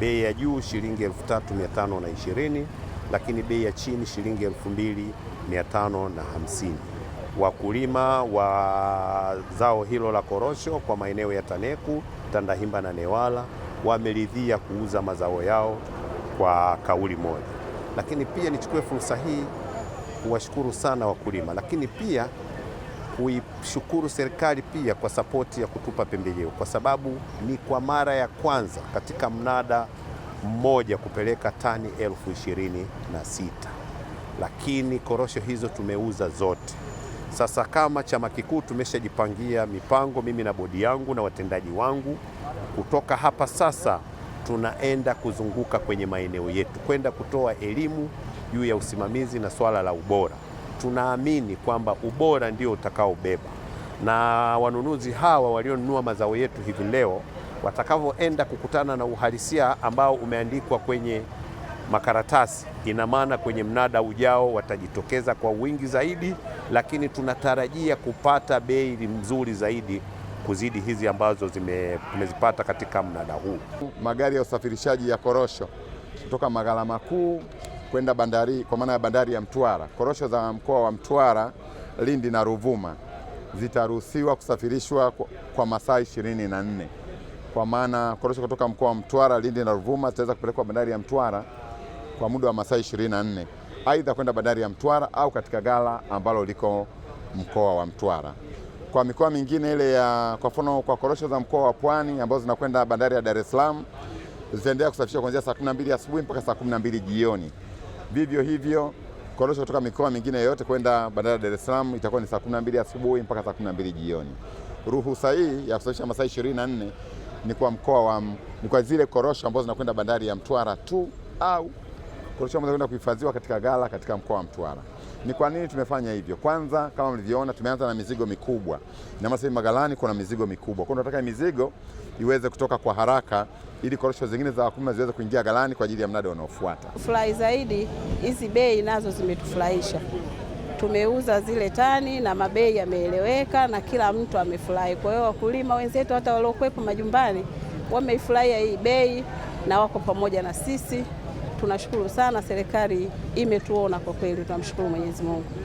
bei ya juu shilingi 3520 lakini bei ya chini shilingi 2550. Wakulima wa zao hilo la korosho kwa maeneo ya Taneku, Tandahimba na Newala wameridhia kuuza mazao yao kwa kauli moja. Lakini pia nichukue fursa hii kuwashukuru sana wakulima, lakini pia kuishukuru serikali pia kwa sapoti ya kutupa pembejeo, kwa sababu ni kwa mara ya kwanza katika mnada mmoja kupeleka tani elfu ishirini na sita lakini korosho hizo tumeuza zote. Sasa kama chama kikuu tumeshajipangia mipango, mimi na bodi yangu na watendaji wangu, kutoka hapa sasa tunaenda kuzunguka kwenye maeneo yetu kwenda kutoa elimu juu ya usimamizi na swala la ubora tunaamini kwamba ubora ndio utakaobeba, na wanunuzi hawa walionunua mazao yetu hivi leo watakavyoenda kukutana na uhalisia ambao umeandikwa kwenye makaratasi, ina maana kwenye mnada ujao watajitokeza kwa wingi zaidi, lakini tunatarajia kupata bei nzuri zaidi kuzidi hizi ambazo zimezipata katika mnada huu. Magari ya usafirishaji ya korosho kutoka maghala makuu kwenda bandari, kwa maana ya bandari ya Mtwara. Korosho za mkoa wa Mtwara, Lindi na Ruvuma zitaruhusiwa kusafirishwa kwa masaa ishirini na nne kwa maana korosho kutoka mkoa wa Mtwara, Lindi na Ruvuma zitaweza kupelekwa bandari ya Mtwara kwa muda wa masaa ishirini na nne aidha kwenda bandari ya Mtwara au katika gala ambalo liko mkoa wa Mtwara. Kwa mikoa mingine ile ya kwa mfano, kwa korosho za mkoa wa Pwani ambazo zinakwenda bandari ya Dar es Salaam zitaendelea kusafirishwa kuanzia saa 12 asubuhi mpaka saa 12 jioni. Vivyo hivyo korosho kutoka mikoa mingine yote kwenda bandari ya Dar es Salaam itakuwa ni saa 12 asubuhi mpaka saa 12 jioni. Ruhusa hii ya kusafirisha masaa 24 ni kwa mkoa wa, ni kwa zile korosho ambazo zinakwenda bandari ya Mtwara tu au korosho ambazo zinakwenda kuhifadhiwa katika gala katika mkoa wa Mtwara. Ni kwa nini tumefanya hivyo? Kwanza, kama mlivyoona, tumeanza na mizigo mikubwa na maana magalani, kuna mizigo mikubwa, kwa hiyo tunataka mizigo iweze kutoka kwa haraka ili korosho zingine za wakulima ziweze kuingia galani kwa ajili ya mnada unaofuata. Furahi zaidi, hizi bei nazo zimetufurahisha, tumeuza zile tani na mabei yameeleweka na kila mtu amefurahi. Kwa hiyo wakulima wenzetu hata waliokuwepo majumbani wameifurahia hii bei na wako pamoja na sisi. Tunashukuru sana serikali imetuona kwa kweli, tunamshukuru Mwenyezi Mungu.